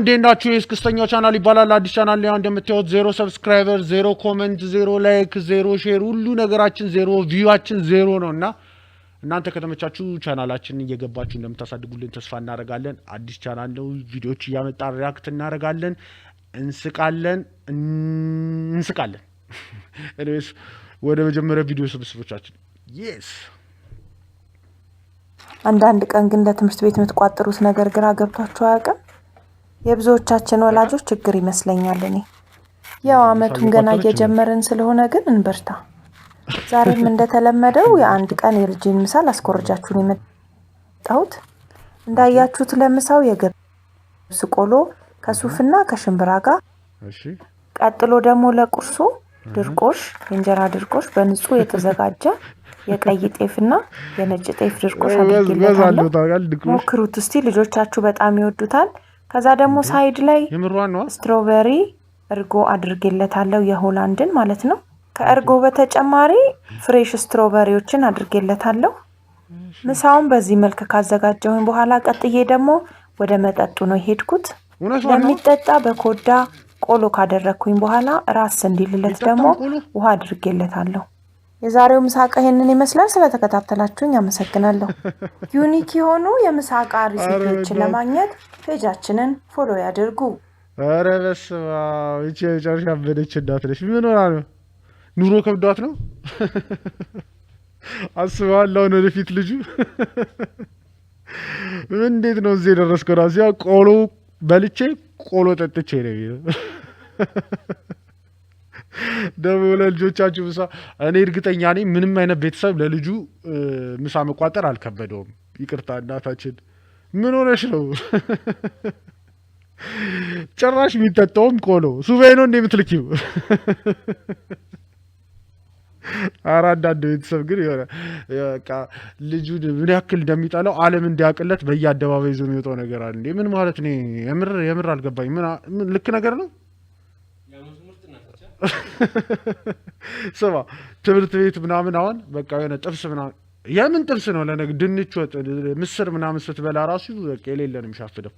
እንዴት ናችሁ? የእስክስተኛ ቻናል ይባላል። አዲስ ቻናል ላይ እንደምታዩት ዜሮ ሰብስክራይበር፣ ዜሮ ኮመንት፣ ዜሮ ላይክ፣ ዜሮ ሼር፣ ሁሉ ነገራችን ዜሮ፣ ቪዋችን ዜሮ ነው እና እናንተ ከተመቻችሁ ቻናላችንን እየገባችሁ እንደምታሳድጉልን ተስፋ እናደርጋለን። አዲስ ቻናል ነው። ቪዲዮዎች እያመጣ ሪያክት እናደርጋለን፣ እንስቃለን፣ እንስቃለን። ኤኒዌይስ ወደ መጀመሪያ ቪዲዮ ስብስቦቻችን የስ አንዳንድ ቀን ግን ለትምህርት ቤት የምትቋጥሩት ነገር ግራ ገብቷችሁ አያውቅም? የብዙዎቻችን ወላጆች ችግር ይመስለኛል። እኔ ያው አመቱን ገና እየጀመርን ስለሆነ ግን እንበርታ። ዛሬም እንደተለመደው የአንድ ቀን የልጅን ምሳል ላስኮርጃችሁን የመጣሁት እንዳያችሁት ለምሳው የገብስ ቆሎ ከሱፍና ከሽምብራ ጋር፣ ቀጥሎ ደግሞ ለቁርሱ ድርቆሽ፣ የእንጀራ ድርቆሽ በንጹህ የተዘጋጀ የቀይ ጤፍና የነጭ ጤፍ ድርቆሽ አድርጌለታለሁ። ሞክሩት እስቲ ልጆቻችሁ በጣም ይወዱታል። ከዛ ደግሞ ሳይድ ላይ ስትሮበሪ እርጎ አድርጌለታለሁ የሆላንድን ማለት ነው። ከእርጎ በተጨማሪ ፍሬሽ ስትሮበሪዎችን አድርጌለታለሁ። ምሳውን በዚህ መልክ ካዘጋጀሁኝ በኋላ ቀጥዬ ደግሞ ወደ መጠጡ ነው የሄድኩት። ለሚጠጣ በኮዳ ቆሎ ካደረግኩኝ በኋላ ራስ እንዲልለት ደግሞ ውሃ አድርጌለታለሁ። የዛሬው ምሳቃ ይሄንን ይመስላል። ስለተከታተላችሁኝ አመሰግናለሁ። ዩኒክ የሆኑ የምሳቃ እቃ ሪሲፒዎችን ለማግኘት ፔጃችንን ፎሎ ያድርጉ። ኧረ በስመ አብ! ይቺ የመጨረሻ ያበደች እናት ነች። ምን ሆና ነው? ኑሮ ከብዷት ነው አስበዋል። አሁን ወደፊት ልጁ እንዴት ነው እዚህ የደረስከው? እዚያ ቆሎ በልቼ ቆሎ ጠጥቼ ነው ደግሞ ለልጆቻችሁ ምሳ እኔ እርግጠኛ ነኝ ምንም አይነት ቤተሰብ ለልጁ ምሳ መቋጠር አልከበደውም። ይቅርታ እናታችን ምን ሆነሽ ነው? ጭራሽ የሚጠጣውም ቆሎ ሱባኤ ነው እንደ የምትልኪው ኧረ አንዳንድ ቤተሰብ ግን የሆነ በቃ ልጁን ምን ያክል እንደሚጠላው ዓለም እንዲያውቅለት በየአደባባይ ይዞ የሚወጣው ነገር አለ። ምን ማለት ነው? የምር የምር አልገባኝ። ምን ልክ ነገር ነው? ስማ፣ ትምህርት ቤት ምናምን አሁን በቃ የሆነ ጥብስ ምናምን የምን ጥብስ ነው ለነገ ድንች ወጥ ምስር ምናምን ስትበላ ራሱ በቃ የሌለንም ሻፍደው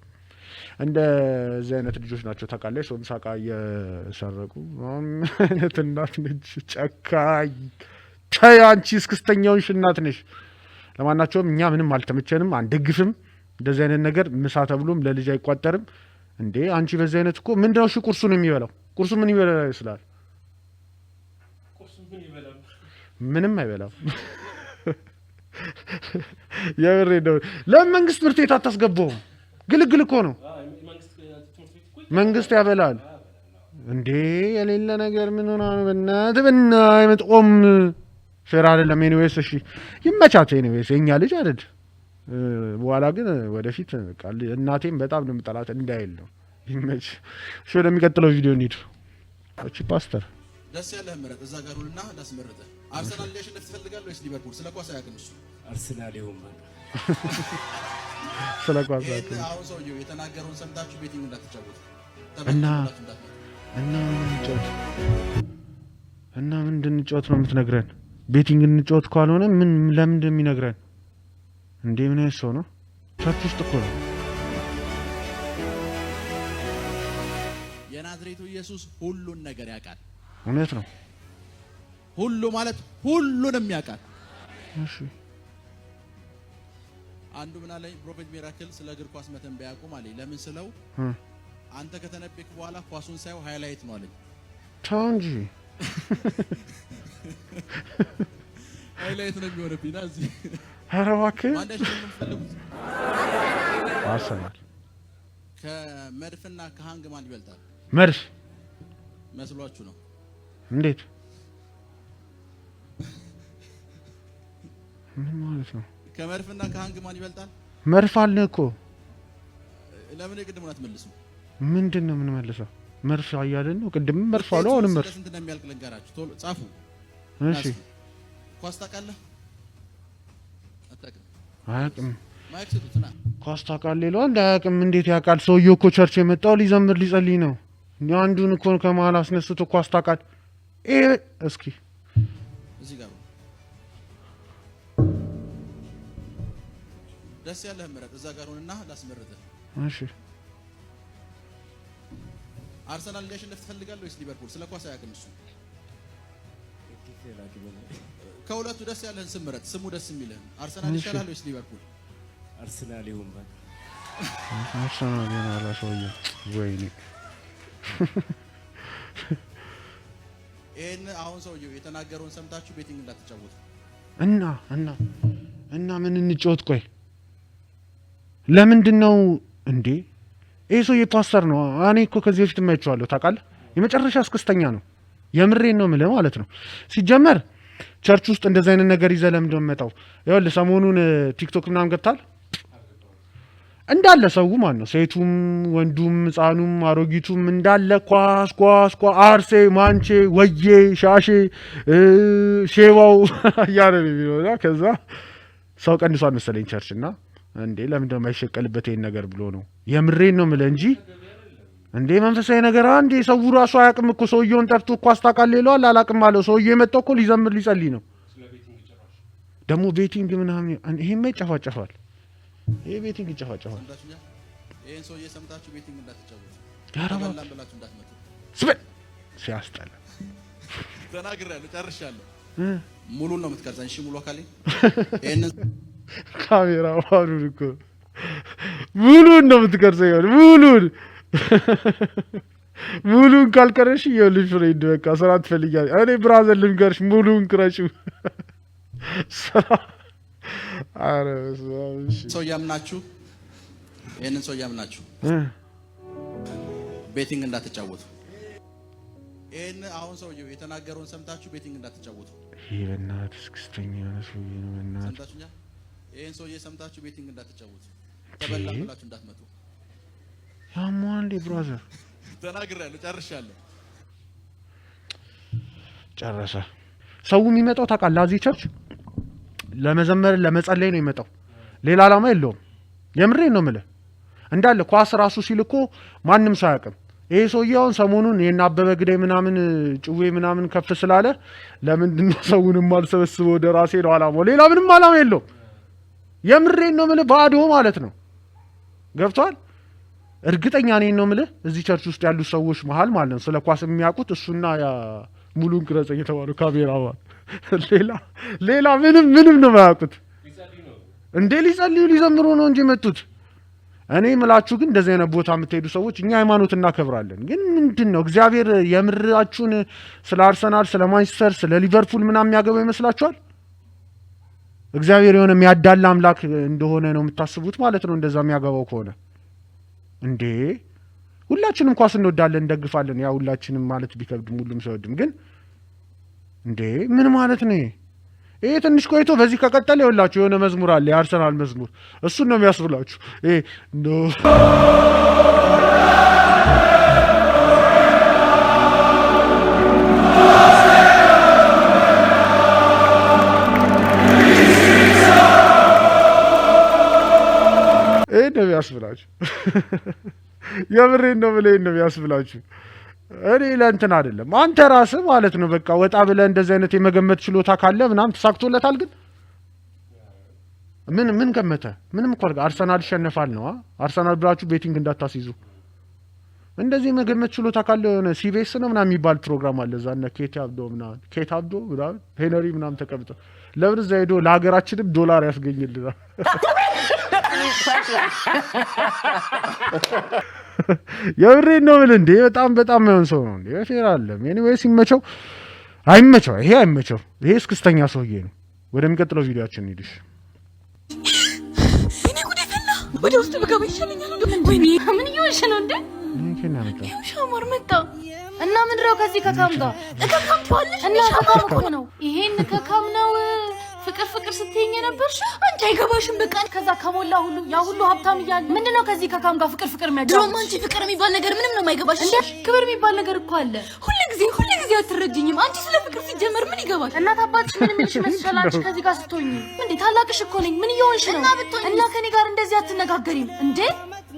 እንደዚህ አይነት ልጆች ናቸው ታውቃለች። ሰውም ሳቃ እየሰረቁ አይነት እናት ነች፣ ጨካኝ ተይ አንቺ እስክስተኛውን ሽናት ነሽ። ለማናቸውም እኛ ምንም አልተመቸንም፣ አንደግፍም። እንደዚህ አይነት ነገር ምሳ ተብሎም ለልጅ አይቋጠርም እንዴ አንቺ በዚህ አይነት እኮ ምንድነው ሽቁርሱን ቁርሱን የሚበላው ቁርሱ ምን ይበላል ይስላል? ምንም አይበላም። የምሬ ነው። ለምን መንግስት ትምህርት ቤት አታስገባውም? ግልግል እኮ ነው። መንግስት ያበላል እንዴ? የሌለ ነገር ምን ሆና ነው? በእናትህ በእናትህ አይመጥቆም። ፌር አይደለም። ኤኒዌይስ እሺ፣ ይመቻት። ኤኒዌይስ የኛ ልጅ አይደል? በኋላ ግን ወደፊት እናቴም በጣም ነው የምጠላት እንዳይል ነው ይመች። እሺ፣ ወደሚቀጥለው ቪዲዮ እንሂድ። እቺ ፓስተር ደስ ያለህ ምረጥ። እዛ ጋር ሁሉና ላስመረጠ አርሰናል ሊያሸንፍ ትፈልጋለህ ወይስ ሊቨርፑል? ስለ ኳስ አያውቅም እሱ። አርሰናል ይሁን ማለት ስለ ኳስ አያውቅም። አሁን ሰውዬው የተናገረውን ሰምታችሁ ቤቲንግ እንዳትጫወቱ እና እና እንጫወት እና ምን እንድንጫወት ነው የምትነግረን? ቤቲንግ እንጫወት ካልሆነ ምን ለምን እንደሚነግረን እንዴ? ምን ሰው ነው? ቻት ውስጥ እኮ ነው ኢየሱስ ሁሉን ነገር ያውቃል። እውነት ነው። ሁሉ ማለት ሁሉንም ያውቃል። እሺ አንዱ ምን አለኝ፣ ፕሮፌት ሚራክል ስለ እግር ኳስ መተንበያ አቁም አለኝ። ለምን ስለው አንተ ከተነበክ በኋላ ኳሱን ሳይው ሃይላይት ነው አለኝ። ተው እንጂ ሃይላይት ነው የሚሆንብኝ። ናዚ ኧረ እባክህ አርሰናል ከመድፍና ከሃንግማን ይበልጣል መድፍ መስሏችሁ ነው? እንዴት? ምን ማለት ነው? ከመድፍና ከሀንግ ማን ይበልጣል? መድፍ አለ እኮ። ለምን የቅድሙን አትመልሱም? ምንድን ነው የምንመልሰው? መድፍ እያልን ነው። ቅድም መድፍ አለ፣ አሁንም መድፍ ስንት እንደሚያልቅ ልንገራችሁ። ቶሎ ጻፉ። እሺ። ኳስ ታውቃለህ? አታውቅም? አያውቅም። ኳስ ታውቃለህ ይለዋል። አያውቅም። እንዴት ያውቃል? ሰውዬው እኮ ቸርች የመጣው ሊዘምር ሊጸልይ ነው። አንዱን እኮ ከመሀል አስነስቶ እኮ አስታውቃት። እስኪ ደስ ያለህ ምረጥ። እዛ ጋር ሆንና ላስመርጥህ። እሺ አርሰናል ሊያሸንፍ ትፈልጋለህ ወይስ ሊቨርፑል? ስለ ኳስ አያውቅም እሱ። ከሁለቱ ደስ ያለህን ስም ምረጥ። ስሙ ደስ የሚልህ አርሰናል ይሻላል ወይስ ሊቨርፑል? አርሰናል ይሁን። አርሰናል ይሁን አላሰውየ ወይኔ ይህን አሁን ሰውዬው የተናገረውን ሰምታችሁ ቤቲንግ እንዳትጫወቱ እና እና እና ምን እንጫወት? ቆይ ለምንድን ነው እንዴ? ይህ ሰውዬ ፓስተር ነው። እኔ እኮ ከዚህ በፊት የማይቸዋለሁ ታውቃለህ። የመጨረሻ እስክስተኛ ነው። የምሬን ነው የምልህ ማለት ነው። ሲጀመር ቸርች ውስጥ እንደዚህ አይነት ነገር ይዘህ ለምንድን ነው የምመጣው? ይኸውልህ ሰሞኑን ቲክቶክ ምናምን ገብታል እንዳለ ሰው ማን ነው ሴቱም፣ ወንዱም፣ ህፃኑም፣ አሮጊቱም እንዳለ ኳስ ኳስ ኳ አርሴ ማንቼ ወዬ ሻሼ ሼዋው እያለ ነው። ከዛ ሰው ቀንሷን መሰለኝ ቸርች እና እንዴ ለምንድ ነው የማይሸቀልበት ይሄን ነገር ብሎ ነው። የምሬን ነው ምለ እንጂ እንዴ መንፈሳዊ ነገር አንዴ ሰው ራሱ አያውቅም እኮ ሰውየውን ጠፍቶ እኮ አስታውቃል ሌለዋል አላውቅም አለው ሰውየው የመጣው እኮ ሊዘምር ሊጸልይ ነው። ደግሞ ቤቲንግ ምናምን ይሄማ ይጨፋጨፋል። ይሄ ቤቲንግ ይጨፋጨፋል። ይሄን ሰው እየሰምታችሁ ቤቲንግ እንዳትጫወቱ ብላችሁ እንዳትመጡ። ሲያስጠላ ተናግሬያለሁ፣ ጨርሻለሁ። ሙሉን ነው የምትቀርጸኝ። እሺ ሙሉ አካሌ ይሄንን ካሜራማኑን እኮ ሙሉን ነው የምትቀርጸኝ። ሙሉን ሙሉን ካልቀረሽ የልጅ ፍሬንድ በቃ ስራ ትፈልጊያለሽ። እኔ ብራዘር ልንገርሽ፣ ሙሉን ቅረጪው ስራ ሰው እያምናችሁ ይህንን ሰው እያምናችሁ ቤቲንግ እንዳትጫወቱ። ይህን አሁን ሰውዬው የተናገረውን ሰምታችሁ ቤቲንግ እንዳትጫወቱ። ይህ በእናትህ እስክስተኛ የሆነ ሰውዬ ነው። በእናትህ ይህን ሰውዬ ሰምታችሁ ቤቲንግ እንዳትጫወቱ። ብላችሁ እንዳትመጡ። እንዴ ብራዘር ተናግሬያለሁ፣ ጨርሻለሁ። ጨረሰ። ሰው የሚመጣው ታውቃለህ፣ እዚህ ቸርች ለመዘመር ለመጸለይ ነው የመጣው። ሌላ ዓላማ የለውም። የምሬ ነው ምልህ እንዳለ ኳስ ራሱ ሲልኮ ማንም ሰው አያውቅም። ሰውየውን ሰውዬ አሁን ሰሞኑን ይህን አበበ ግዳይ ምናምን ጭዌ ምናምን ከፍ ስላለ ለምንድነው ሰውንም አልሰበስበው ወደ ራሴ ነው ዓላማው። ሌላ ምንም አላማ የለውም። የምሬን ነው ምልህ ባዶ ማለት ነው። ገብቷል። እርግጠኛ ነኝ ነው ምልህ እዚህ ቸርች ውስጥ ያሉ ሰዎች መሀል ማለት ነው ስለ ኳስ የሚያውቁት እሱና ሙሉን ቅረጽ እየተባሉ ካሜራማን ሌላ ሌላ ምንም ምንም ነው የማያውቁት። እንዴ ሊጸልዩ ሊዘምሩ ነው እንጂ የመጡት። እኔ ምላችሁ ግን እንደዚህ አይነት ቦታ የምትሄዱ ሰዎች እኛ ሃይማኖት እናከብራለን፣ ግን ምንድን ነው እግዚአብሔር የምራችሁን ስለ አርሰናል፣ ስለ ማንቸስተር፣ ስለ ሊቨርፑል ምናምን የሚያገባው ይመስላችኋል? እግዚአብሔር የሆነ የሚያዳላ አምላክ እንደሆነ ነው የምታስቡት ማለት ነው። እንደዛ የሚያገባው ከሆነ እንዴ ሁላችንም ኳስ እንወዳለን፣ እንደግፋለን። ያ ሁላችንም ማለት ቢከብድም ሁሉም ሰውድም ግን እንዴ ምን ማለት ነው? ይሄ ትንሽ ቆይቶ በዚህ ከቀጠለ ይኸውላችሁ የሆነ መዝሙር አለ፣ የአርሰናል መዝሙር። እሱን ነው የሚያስብላችሁ። ይሄ ነው የሚያስብላችሁ። የምሬን ነው ብለ ነው የሚያስብላችሁ። እኔ ለእንትን አይደለም አንተ ራስህ ማለት ነው። በቃ ወጣ ብለህ እንደዚህ አይነት የመገመት ችሎታ ካለ ምናምን ተሳክቶለታል። ግን ምን ምን ገመተ? ምንም እኮ አርሰናል ይሸነፋል ነው። አርሰናል ብላችሁ ቤቲንግ እንዳታስይዙ። እንደዚህ የመገመት ችሎታ ካለ የሆነ ሲቤስ ነው ምናምን የሚባል ፕሮግራም አለ። እዛ እነ ኬት አብዶ ምናምን ኬት አብዶ ምናምን ሄነሪ ምናምን ተቀምጠ ለምን እዛ ሄዶ ለሀገራችንም ዶላር ያስገኝልናል የብሬን ነው ብል እንዴ በጣም በጣም የሆን ሰው ነው እንዴ ፌር አለም ኤኒዌይስ አይመቸው ይሄ አይመቸው ይሄ እስክስተኛ ሰውዬ ነው ወደሚቀጥለው ቪዲዮችን እንሂድሽ ወደ ውስጥ ብገባ ይሻለኛል ምን እየሆንሽ ነው እንዴ ሻማር መጣ እና ከዚህ ከካም ጋር ከካም ነው ይሄን ከካም ነው ፍቅር ፍቅር ስትይኝ የነበርሽ አንቺ አይገባሽም። በቃ ከዛ ከሞላ ሁሉ ያ ሁሉ ሀብታም እያለ ምንድን ነው ከዚህ ከካም ጋር ፍቅር ፍቅር የሚያጫ ድሮም አንቺ ፍቅር የሚባል ነገር ምንም ነው የማይገባሽ። እንደ ክብር የሚባል ነገር እኮ አለ። ሁሉ ጊዜ ሁሉ ጊዜ አትረጅኝም። አንቺ ስለ ፍቅር ሲጀመር ምን ይገባሽ? እናት አባትሽ ምን የሚልሽ ይመስልሻል? አንቺ ከዚህ ጋር ስትሆኝ እንዴ ታላቅሽ እኮ ነኝ። ምን እየሆንሽ ነው? እና ከኔ ጋር እንደዚህ አትነጋገሪም እንዴ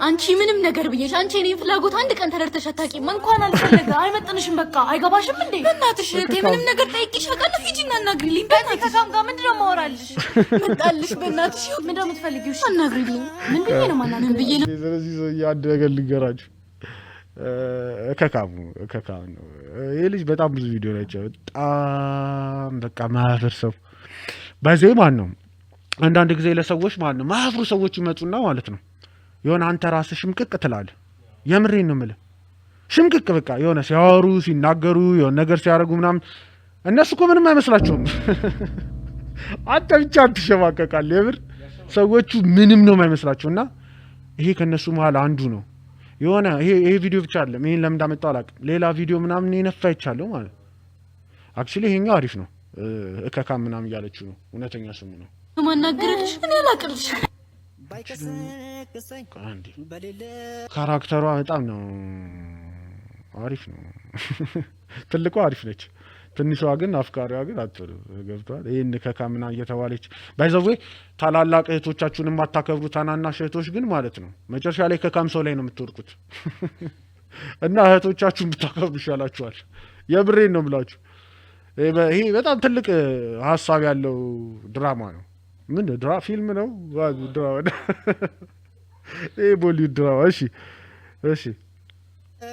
አንቺ ምንም ነገር ብዬሽ አንቺ እኔን ፍላጎት አንድ ቀን ተረድተሽ አታውቂም። እንኳን አልፈለገ አይመጥንሽም፣ በቃ አይገባሽም እንዴ እናትሽ። እህቴ ምንም ነገር ጠይቄሽ አውቃለሁ። ሂጂና አናግሪልኝ። በእኔ ከካም ጋር ምንድን ነው የማወራልሽ? መጣልሽ። በእናትሽ ምንድን ነው የምትፈልጊው? አናግሪልኝ። ምን ብዬ ነው ማናምን ብዬ ነው። ስለዚህ ሰው አንድ ነገር ልንገራችሁ ከካሙ ከካሙ ነው ይህ ልጅ። በጣም ብዙ ቪዲዮ ናቸው። በጣም በቃ ማህበር ሰው በዜ ማን ነው አንዳንድ ጊዜ ለሰዎች ማን ነው ማህበሩ ሰዎች ይመጡና ማለት ነው የሆነ አንተ ራስህ ሽምቅቅ ትላለህ። የምሬን ነው የምልህ ሽምቅቅ በቃ የሆነ ሲያወሩ ሲናገሩ የሆነ ነገር ሲያደርጉ ምናምን እነሱ እኮ ምንም አይመስላቸውም። አንተ ብቻ ትሸማቀቃለህ። የምር ሰዎቹ ምንም ነው የማይመስላቸው እና ይሄ ከእነሱ መሀል አንዱ ነው። የሆነ ይሄ ቪዲዮ ብቻ አይደለም። ይህን ለምን እንዳመጣው አላውቅም። ሌላ ቪዲዮ ምናምን የነፋ ይቻለሁ ማለት አክቹዋሊ ይሄኛው አሪፍ ነው። እከካ ምናምን እያለችው ነው። እውነተኛ ስሙ ነው ማናገረልሽ እኔ ካራክተሯ በጣም ነው አሪፍ ነው። ትልቋ አሪፍ ነች። ትንሿ ግን አፍቃሪዋ ግን አትሉ ገብቷል። ይህን ከካምና እየተባለች ባይዘዌ ታላላቅ እህቶቻችሁን የማታከብሩ ታናናሽ እህቶች ግን ማለት ነው መጨረሻ ላይ ከካም ሰው ላይ ነው የምትወድቁት እና እህቶቻችሁን ብታከብሩ ይሻላችኋል። የብሬን ነው ምላችሁ ይሄ በጣም ትልቅ ሀሳብ ያለው ድራማ ነው። ምን ድራ ፊልም ነው ድራማ ቦሊውድ ድራማ። እሺ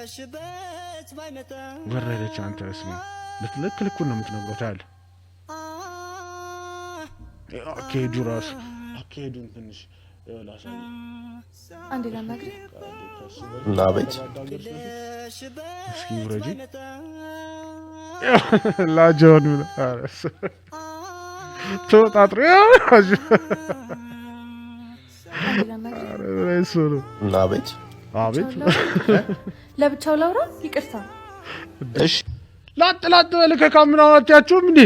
እሺ ወረደች። አንተ ስማ ልክ ልኩን ነው የምትነግሮት ያለ አካሄዱ ራሱ አካሄዱን ትንሽ አንድ ለማግሪ ላበጭ እስኪ ውረጂ ላጆን ተወጣጥሮ አቤት አቤት ለብቻው ላውራ ይቅርታ እሺ ላጥ ላጥ እንዴ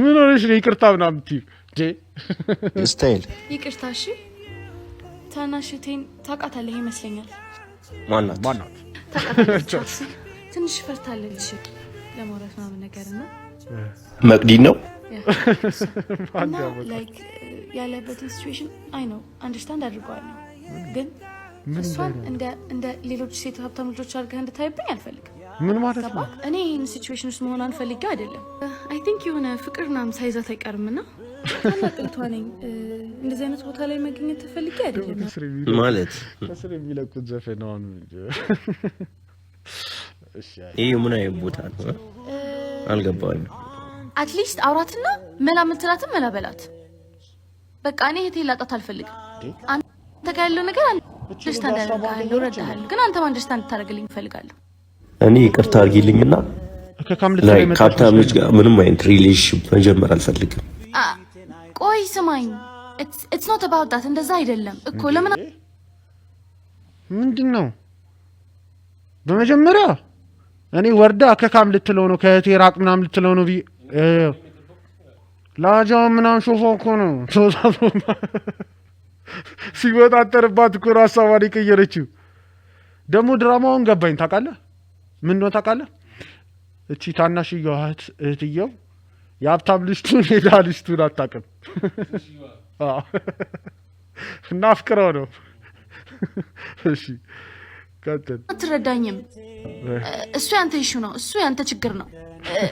ምን ሆነሽ ነው ይቅርታ ምናምን እምትይው ስታይል ይቅርታ እሺ ታናሽቴን ታውቃታለህ ይመስለኛል ማናት ማናት ትንሽ ፈርታለች ለማውራት ምናምን ነገር እና ነው እና ያለበትን ሲትዌሽን አይ ነው አንደርስታንድ አድርገዋለሁ፣ ግን እሷን እንደ ሌሎች ሴት ሀብታም ልጆች አድርገህ እንድታይብኝ አልፈልግም። ምን ማለት ነው? እኔ ይህን ሲትዌሽን ውስጥ መሆን አንፈልጊው አይደለም። አይ ቲንክ የሆነ ፍቅር ሳይዛት አይቀርም ና ቦታ ማለት የሚለቁት ዘፈን ይህ ቦታ ነው። አልገባኝም አትሊስት አውራትና መላ ምትላትን መላ በላት። በቃ እኔ እህቴ ላጣት አልፈልግም። አንተ ጋር ያለው ነገር አንደርስታንድ አደርግሃለሁ፣ እረዳሃለሁ። ግን አንተም አንደርስታንድ እንድታደርግልኝ እፈልጋለሁ። እኔ ይቅርታ አድርጊልኝና ከካምልት ጋር ምንም አይነት ሪሌሽን መጀመር አልፈልግም። ቆይ ስማኝ፣ ኢትስ ኖት አባውት ዳት እንደዛ አይደለም እኮ። ለምን ምንድን ነው በመጀመሪያ እኔ ወርዳ ከካም ልትለው ነው ከእህቴ ራቅ ምናምን ልትለው ነው ብዬ ላጃ ምናምን ሾፋ እኮ ነው ተወሳቶ ሲወጣጠርባት እኮ ሀሳቧን የቀየረችው። ደግሞ ድራማውን ገባኝ ታውቃለህ? ምን ነው ታውቃለህ? እቺ ታናሽየዋ እህት እህትየው የሀብታም ልጅቱን የድሃ ልጅቱን አታውቅም እና ነው። እሺ አትረዳኝም። እሱ ያንተ ይሹ ነው፣ እሱ ያንተ ችግር ነው።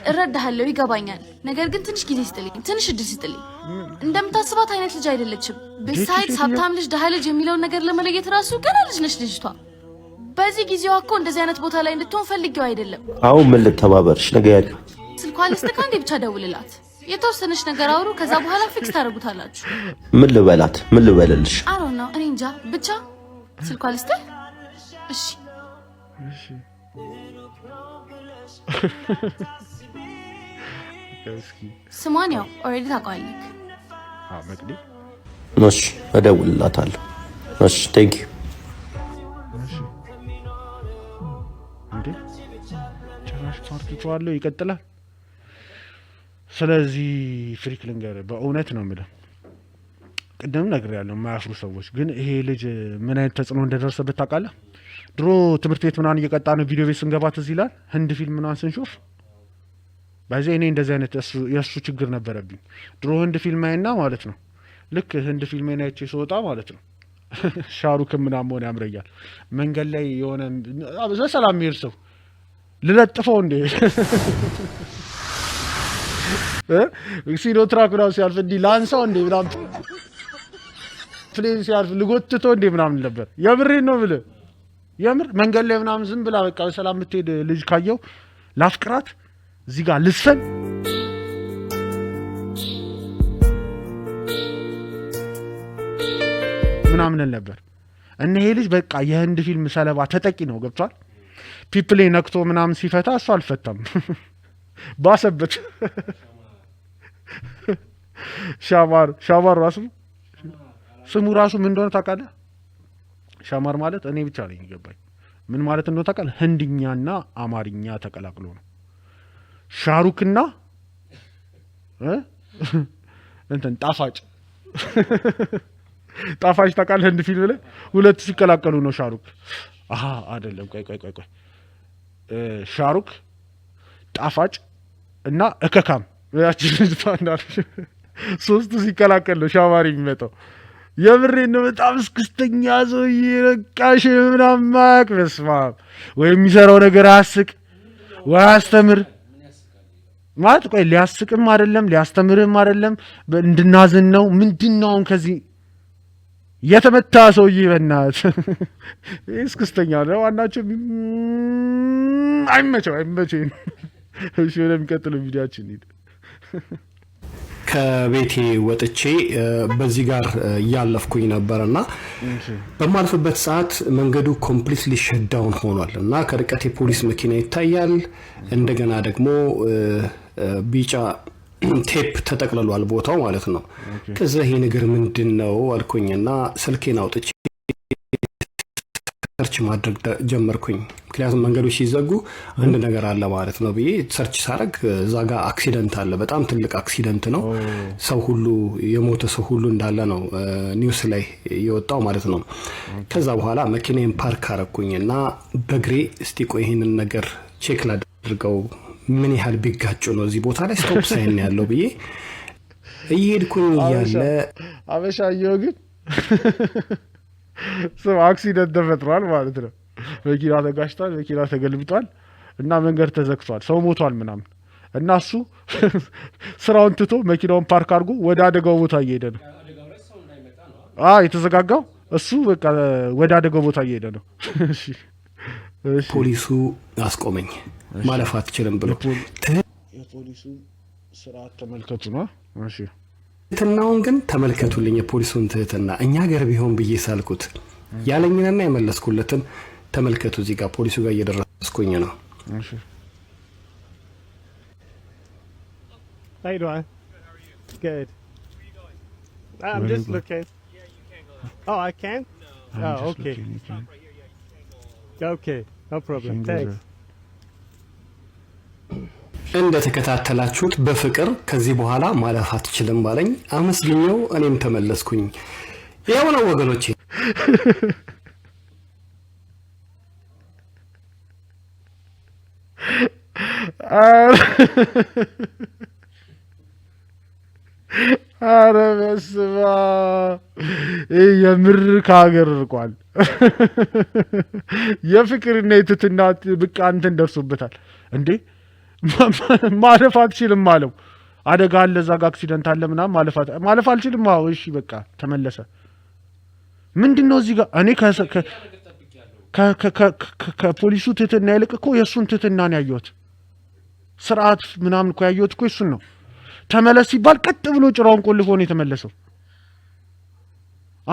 እረዳሃለሁ፣ ይገባኛል። ነገር ግን ትንሽ ጊዜ ስጥልኝ፣ ትንሽ እድል ስጥልኝ። እንደምታስባት አይነት ልጅ አይደለችም። ቤሳይድስ ሀብታም ልጅ፣ ድሃ ልጅ የሚለውን ነገር ለመለየት ራሱ ገና ልጅ ነች ልጅቷ። በዚህ ጊዜዋ እኮ እንደዚህ አይነት ቦታ ላይ እንድትሆን ፈልጌው አይደለም። አሁን ምን ልተባበርሽ? ነገ ያለ ስልኳ ልስጥካ እንዴ? ብቻ ደውልላት የተወሰነች ነገር አውሩ። ከዛ በኋላ ፊክስ ታደርጉታላችሁ። ምን ልበላት? ምን ልበልልሽ? አሮ ነው እኔ እንጃ። ብቻ ስልኳ ልስጥህ እሺ እሺ ስሟን ያው ኦልሬዲ ታውቀዋለህ። እሺ እደውልላታለሁ። እሺ ቴንክ ዩ እንዴ ይቀጥላል። ስለዚህ ፍሪክ ልንገርህ፣ በእውነት ነው የምልህ ቅድም ነግሬያለሁ። የማያፍሩ ሰዎች ግን ይሄ ልጅ ምን አይነት ተጽዕኖ እንደደረሰበት ታውቃለህ? ድሮ ትምህርት ቤት ምናምን እየቀጣ ነው ቪዲዮ ቤት ስንገባ ትዝ ይላል ህንድ ፊልም ምናምን ስንሾፍ በዚህ እኔ እንደዚህ አይነት የእሱ ችግር ነበረብኝ። ድሮ ህንድ ፊልም አይና ማለት ነው ልክ ህንድ ፊልም አይቼ ስወጣ ማለት ነው ሻሩክም ምናምን ሆነ ያምረኛል መንገድ ላይ የሆነ በሰላም የሚሄድ ሰው ልለጥፈው እንዴ ሲኖ ትራክ ምናምን ሲያልፍ እንዲህ ላንሳው እንዴ ምናምን ፕሌን ሲያልፍ ልጎትቶ እንዴ ምናምን ነበር። የምሬን ነው ብልህ የምር መንገድ ላይ ምናምን ዝም ብላ በቃ በሰላም የምትሄድ ልጅ ካየው ላፍቅራት፣ እዚህ ጋር ልስፈን። ምናምንል ነበር እነ ይሄ ልጅ በቃ የህንድ ፊልም ሰለባ ተጠቂ ነው። ገብቷል። ፒፕሌ ነክቶ ምናምን ሲፈታ እሱ አልፈታም፣ ባሰበት። ሻማር ሻማር ራሱ ስሙ ራሱ ምን እንደሆነ ታውቃለህ? ሻማር ማለት እኔ ብቻ ነው የሚገባኝ። ምን ማለት እንደሆነ ታውቃለህ? ህንድኛና አማርኛ ተቀላቅሎ ነው። ሻሩክና እንትን ጣፋጭ ጣፋጭ ታውቃለህ? ህንድ ፊልም ላይ ሁለቱ ሲቀላቀሉ ነው ሻሩክ። አሀ አይደለም፣ ቆይ ቆይ ቆይ ቆይ፣ ሻሩክ ጣፋጭ እና እከካም ያችን ሶስቱ ሲቀላቀል ነው ሻማሪ የሚመጣው። ነው። በጣም እስክስተኛ ሰውዬ በቃሽ ምናማቅ በስመ አብ ወይ የሚሰራው ነገር አያስቅ ወይ አያስተምር ማለት ቆይ ሊያስቅም አይደለም ሊያስተምርም አይደለም እንድናዝን ነው ምንድን ነው አሁን ከዚህ የተመታ ሰውዬ በእናትህ እስክስተኛ ነው ዋናቸው አይመቸው አይመቸው እሺ ወደሚቀጥለው ቪዲዮአችን ሂድ ከቤቴ ወጥቼ በዚህ ጋር እያለፍኩኝ ነበር እና በማልፍበት ሰዓት መንገዱ ኮምፕሊትሊ ሸዳውን ሆኗል እና ከርቀት የፖሊስ መኪና ይታያል። እንደገና ደግሞ ቢጫ ቴፕ ተጠቅልሏል ቦታው ማለት ነው። ከዛ ይሄ ነገር ምንድን ነው አልኩኝና ስልኬን አውጥቼ ሰርች ማድረግ ጀመርኩኝ። ምክንያቱም መንገዶች ሲዘጉ አንድ ነገር አለ ማለት ነው ብዬ ሰርች ሳረግ እዛ ጋር አክሲደንት አለ። በጣም ትልቅ አክሲደንት ነው። ሰው ሁሉ የሞተ ሰው ሁሉ እንዳለ ነው ኒውስ ላይ የወጣው ማለት ነው። ከዛ በኋላ መኪናዬን ፓርክ አረግኩኝ እና በግሬ እስቲ ቆይ ይህንን ነገር ቼክ ላድርገው፣ ምን ያህል ቢጋጩ ነው እዚህ ቦታ ላይ ስቶፕ ሳይን ያለው ብዬ እየሄድኩኝ እያለ አበሻየው ግን ስም አክሲደንት ተፈጥሯል ማለት ነው። መኪና ተጋጭቷል፣ መኪና ተገልብጧል እና መንገድ ተዘግቷል፣ ሰው ሞቷል ምናምን እና እሱ ስራውን ትቶ መኪናውን ፓርክ አድርጎ ወደ አደጋው ቦታ እየሄደ ነው። የተዘጋጋው እሱ በቃ ወደ አደጋው ቦታ እየሄደ ነው። ፖሊሱ አስቆመኝ። ማለፍ አትችልም ብሎ የፖሊሱ ስርዓት ተመልከቱ ነው። ትህትናውን ግን ተመልከቱልኝ። የፖሊሱን ትህትና እኛ ገር ቢሆን ብዬ ሳልኩት ያለኝንና የመለስኩለትን ተመልከቱ። እዚህ ጋር ፖሊሱ ጋር እየደረስኩኝ ነው። እንደተከታተላችሁት በፍቅር ከዚህ በኋላ ማለፍ አትችልም ባለኝ አመስግኘው እኔም ተመለስኩኝ። ያው ነው ወገኖቼ። ኧረ በስመ አብ የምር ከሀገር ርቋል። የፍቅርና የትትና ብቃ እንትን ደርሶበታል እንዴ ማለፍ አልችልም አለው። አደጋ አለ እዛ ጋ አክሲደንት አለ ምናምን ማለፍ አልችልም። አዎ እሺ በቃ ተመለሰ። ምንድን ነው እዚህ ጋር እኔ ከፖሊሱ ትህትና ይልቅ እኮ የእሱን ትህትና ነው ያየሁት። ስርዓት ምናምን እኮ ያየሁት እኮ የእሱን ነው። ተመለስ ሲባል ቀጥ ብሎ ጭራውን ቆልፎ ነው የተመለሰው።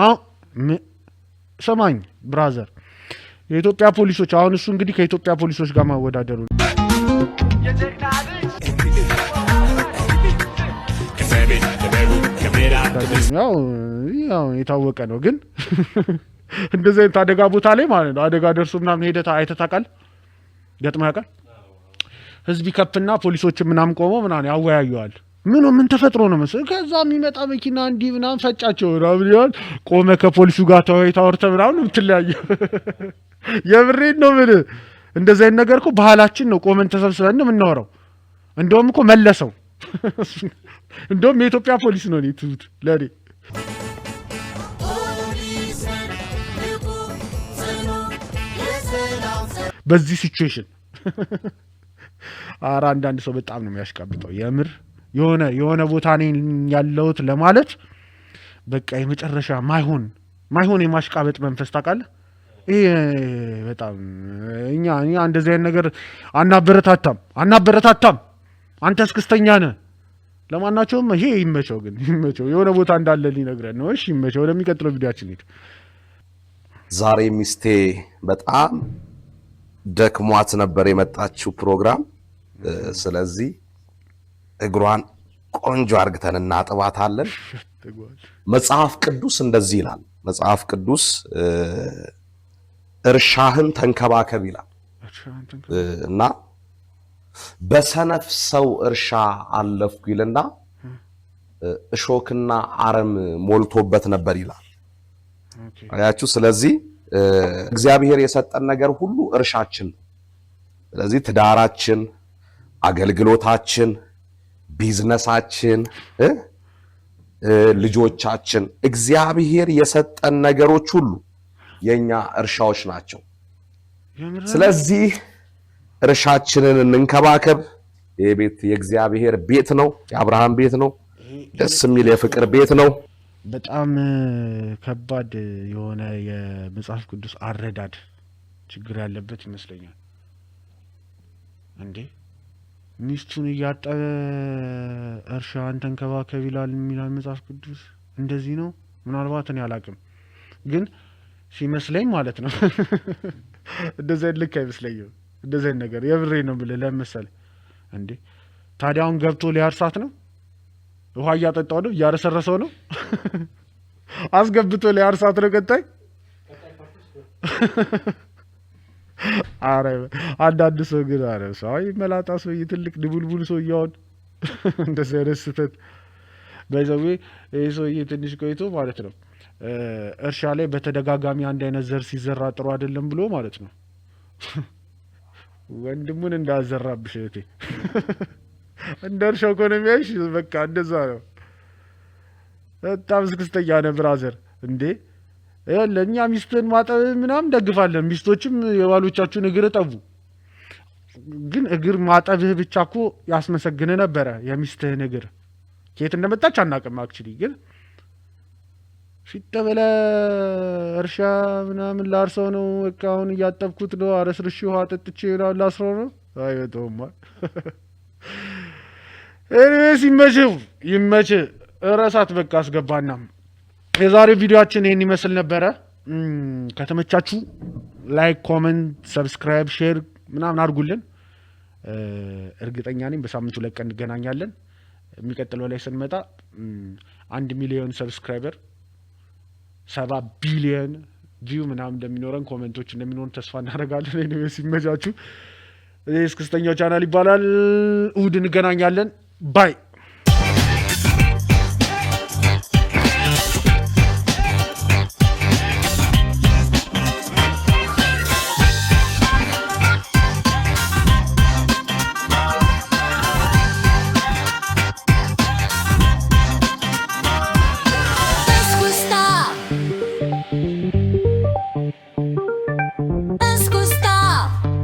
አሁን ሰማኝ ብራዘር፣ የኢትዮጵያ ፖሊሶች አሁን እሱ እንግዲህ ከኢትዮጵያ ፖሊሶች ጋር ማወዳደሩ ያው የታወቀ ነው ግን እንደዚህ አይነት አደጋ ቦታ ላይ ማለት ነው አደጋ ደርሶ ምናምን ሄደህ አይተህ ታውቃለህ? ገጥመህ ያውቃል? ህዝብ ይከፍና ፖሊሶች ምናምን ቆመው ምናምን ያወያዩዋል። ምን ምን ተፈጥሮ ነው መሰለህ? ከዛ የሚመጣ መኪና እንዲህ ምናምን ፈጫቸው ምናምን ቆመ ከፖሊሱ ጋር ተወይ ታወርተህ ምናምን ምትለያየ የብሬን ነው ምን እንደዚህ አይነት ነገር እኮ ባህላችን ነው። ቆመን ተሰብስበን የምናወራው። እንደውም እኮ መለሰው። እንደውም የኢትዮጵያ ፖሊስ ነው። እኔ ትሁት ለእኔ በዚህ ሲቹዌሽን ኧረ አንዳንድ ሰው በጣም ነው የሚያሽቀብጠው። የምር የሆነ የሆነ ቦታ እኔ ያለሁት ለማለት በቃ የመጨረሻ ማይሆን ማይሆን የማሽቃበጥ መንፈስ ታውቃለህ ይሄ በጣም እኛ እኛ እንደዚህ አይነት ነገር አናበረታታም አናበረታታም። አንተ እስክስተኛ ነህ። ለማናቸውም ይሄ ይመቸው፣ ግን ይመቸው የሆነ ቦታ እንዳለ ሊነግረን ነው። እሺ ይመቸው። ወደሚቀጥለው ቪዲዮችን ሄድ። ዛሬ ሚስቴ በጣም ደክሟት ነበር የመጣችው ፕሮግራም። ስለዚህ እግሯን ቆንጆ አርግተን እናጥባታለን። መጽሐፍ ቅዱስ እንደዚህ ይላል። መጽሐፍ ቅዱስ እርሻህን ተንከባከብ ይላል እና በሰነፍ ሰው እርሻ አለፍኩ ይልና እሾክና አረም ሞልቶበት ነበር ይላል። አያችሁ። ስለዚህ እግዚአብሔር የሰጠን ነገር ሁሉ እርሻችን ነው። ስለዚህ ትዳራችን፣ አገልግሎታችን፣ ቢዝነሳችን፣ ልጆቻችን እግዚአብሔር የሰጠን ነገሮች ሁሉ የእኛ እርሻዎች ናቸው። ስለዚህ እርሻችንን እንንከባከብ። ይህ ቤት የእግዚአብሔር ቤት ነው፣ የአብርሃም ቤት ነው፣ ደስ የሚል የፍቅር ቤት ነው። በጣም ከባድ የሆነ የመጽሐፍ ቅዱስ አረዳድ ችግር ያለበት ይመስለኛል። እንዴ ሚስቱን እያጠበ እርሻን ተንከባከብ ይላል የሚላል መጽሐፍ ቅዱስ። እንደዚህ ነው። ምናልባት እኔ አላቅም ግን ሲመስለኝ ማለት ነው። እንደዚ ልክ አይመስለኝም። እንደዚህ ነገር የብሬ ነው ብለ ለምሳሌ እንዴ ታዲያውን ገብቶ ሊያርሳት ነው። ውሃ እያጠጣው ነው፣ እያረሰረሰው ነው። አስገብቶ ሊያርሳት ነው። ቀጣይ አረ አንዳንድ ሰው ግን አረ ሰው መላጣ ሰው ትልቅ ድቡልቡል ሰው እያሆን እንደዚህ አይነት ስህተት በዛ ይህ ሰውዬ ትንሽ ቆይቶ ማለት ነው እርሻ ላይ በተደጋጋሚ አንድ አይነት ዘር ሲዘራ ጥሩ አይደለም ብሎ ማለት ነው። ወንድሙን እንዳዘራብሽ እህቴ፣ እንደ እርሻው ኢኮኖሚያሽ በቃ እንደዛ ነው። በጣም ስክስተኛ ነህ ብራዘር። እንዴ ለእኛ ሚስትን ማጠብ ምናምን ደግፋለን። ሚስቶችም የባሎቻችሁን እግር እጠቡ። ግን እግር ማጠብህ ብቻ እኮ ያስመሰግን ነበረ። የሚስትህን እግር ከየት እንደመጣች አናቅም። አክቹዋሊ ግን ሽጥ በለ እርሻ ምናምን ላርሰው ነው። በቃ አሁን እያጠብኩት ነው። አረስርሽ ውሃ ጠጥቼ ላስሮ ነው። አይ በተውማ። ኤኒዌይስ ይመችህ ይመችህ። እረሳት በቃ አስገባና የዛሬው ቪዲዮችን ይህን ይመስል ነበረ። ከተመቻችሁ ላይክ፣ ኮመንት፣ ሰብስክራይብ፣ ሼር ምናምን አድርጉልን። እርግጠኛ ነኝ በሳምንቱ ሁለት ቀን እንገናኛለን። የሚቀጥለው ላይ ስንመጣ አንድ ሚሊዮን ሰብስክራይበር ሰባ ቢሊየን ቪው ምናምን እንደሚኖረን ኮሜንቶች እንደሚኖሩ ተስፋ እናደርጋለን። ኒስ ሲመቻችሁ እስክስተኛው ቻናል ይባላል። እሁድ እንገናኛለን። ባይ